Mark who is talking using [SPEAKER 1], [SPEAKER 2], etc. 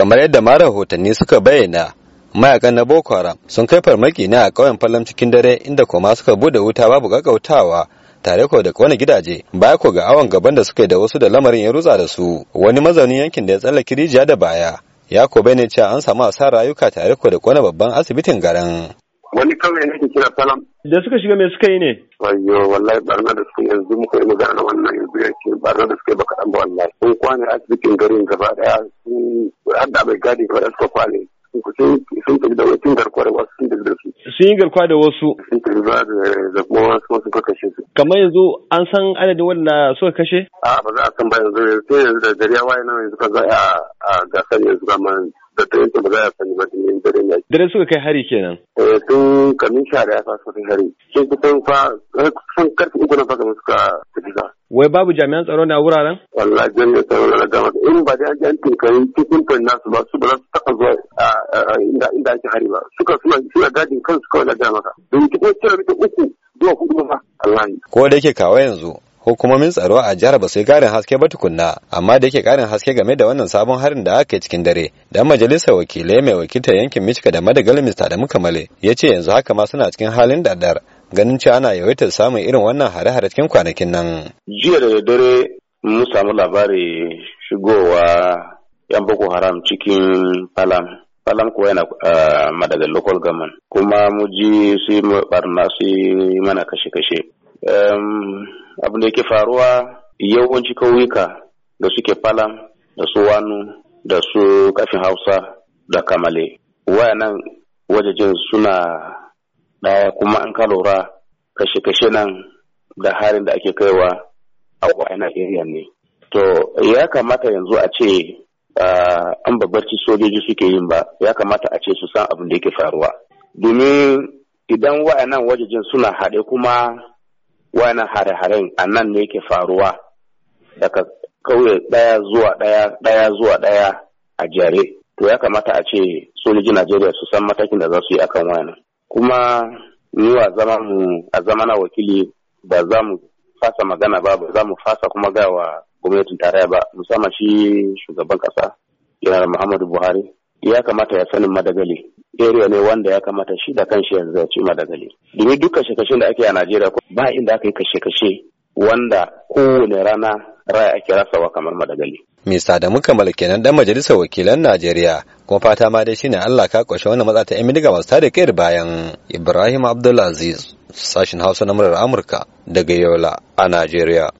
[SPEAKER 1] kamar yadda ma rahotanni suka bayyana mayakan na boko haram sun kai farmaki ne a ƙauyen falam cikin dare inda koma suka bude wuta babu gaggautawa tare ko da kone gidaje baya ko ga awon gaban da suka yi da wasu da lamarin ya rutsa da su wani mazaunin yankin da ya tsalla rijiya da baya ya ko ne cewa an samu asarar rayuka tare ko da kone babban asibitin garin
[SPEAKER 2] wani kawai ne kira falam da suka shiga me suka yi ne ayyo wallahi barna da suka yanzu muka yi magana wannan yanzu yake barna da suke yi baka ba wallahi sun kwane asibitin garin gaba daya sun da bai gadi gaba da kwale sun tafi da wasu garkuwa da wasu sun tafi da su. Sun yi garkuwa da wasu. Sun tafi da da kuma wasu kuma ka kashe su. Kamar yanzu an san adadin wanda suka kashe? A ba za a san ba yanzu sai yanzu da dare ya waye nan yanzu ka za a gasar yanzu kama da ta yanzu ba za a sani ba da yin dare ne.
[SPEAKER 1] Dare suka kai hari kenan.
[SPEAKER 2] Eh tun kamin sha da ya fa suka kai hari. Sun kusan fa eh, sun karfi uku na fa kamar suka tafi
[SPEAKER 1] wai babu jami'an tsaro na wuraren?
[SPEAKER 2] Wallahi jami'an tsaro na gama in ba da an tunkari cikin kan nasu ba su ba za su taɓa zuwa inda inda ake hari ba suka suna suna gadin kansu kawai na gama ka don cikin kilomita uku zuwa hudu ba Allah
[SPEAKER 1] ko da yake kawai yanzu hukumomin tsaro a jihar ba yi karin haske ba tukunna amma da yake karin haske game da wannan sabon harin da aka yi cikin dare dan majalisar wakilai mai wakiltar yankin michigan da madagal mista da mukamale ya ce yanzu haka ma suna cikin halin dadar ganin cewa ana yawaitar samun irin wannan hare-hare cikin kwanakin nan.
[SPEAKER 3] Jiya da dare mun samu labari shigowa yan Boko Haram cikin Palam. Palam kuwa yana eh, madaga local government kuma mu ji su barna su mana kashe-kashe. Abin da yake faruwa yawanci kauyuka da suke Palam da su Wanu da su kafin Hausa da Kamale. Wayanan wajajen suna ɗaya kuma an ka lura kashe-kashe nan da harin da ake kaiwa a wa'ina area ne to ya kamata yanzu a ce an babbarci sojoji suke yin ba ya kamata a ce su san abin da yake faruwa domin idan wa'annan wajejin suna haɗe kuma wa'annan hare-haren a nan ne yake faruwa daga kauye ɗaya zuwa ɗaya ɗaya zuwa ɗaya a jare to ya kamata a ce sojoji najeriya su san matakin da za su yi akan wa'annan kuma ni a zama na wakili ba za mu fasa magana ba ba za mu fasa kuma ga wa gwamnatin tarayya ba musamman shi shugaban kasa yanar muhammadu buhari ya kamata ya sanin madagali area ne wanda ya kamata shi da kanshi ya zaci madagali domin duk kashe-kashen da ake a najeriya ba inda aka yi kashe-kashe wanda kowane
[SPEAKER 1] rana raya ake rasawa kamar madagali Mista da muka kenan dan majalisar wakilan Najeriya kuma fata ma dai shine Allah ka kwashe wannan matsa ta Gabas masu tare kair bayan Ibrahim Abdulaziz sashin Hausa na murar Amurka daga Yola a Najeriya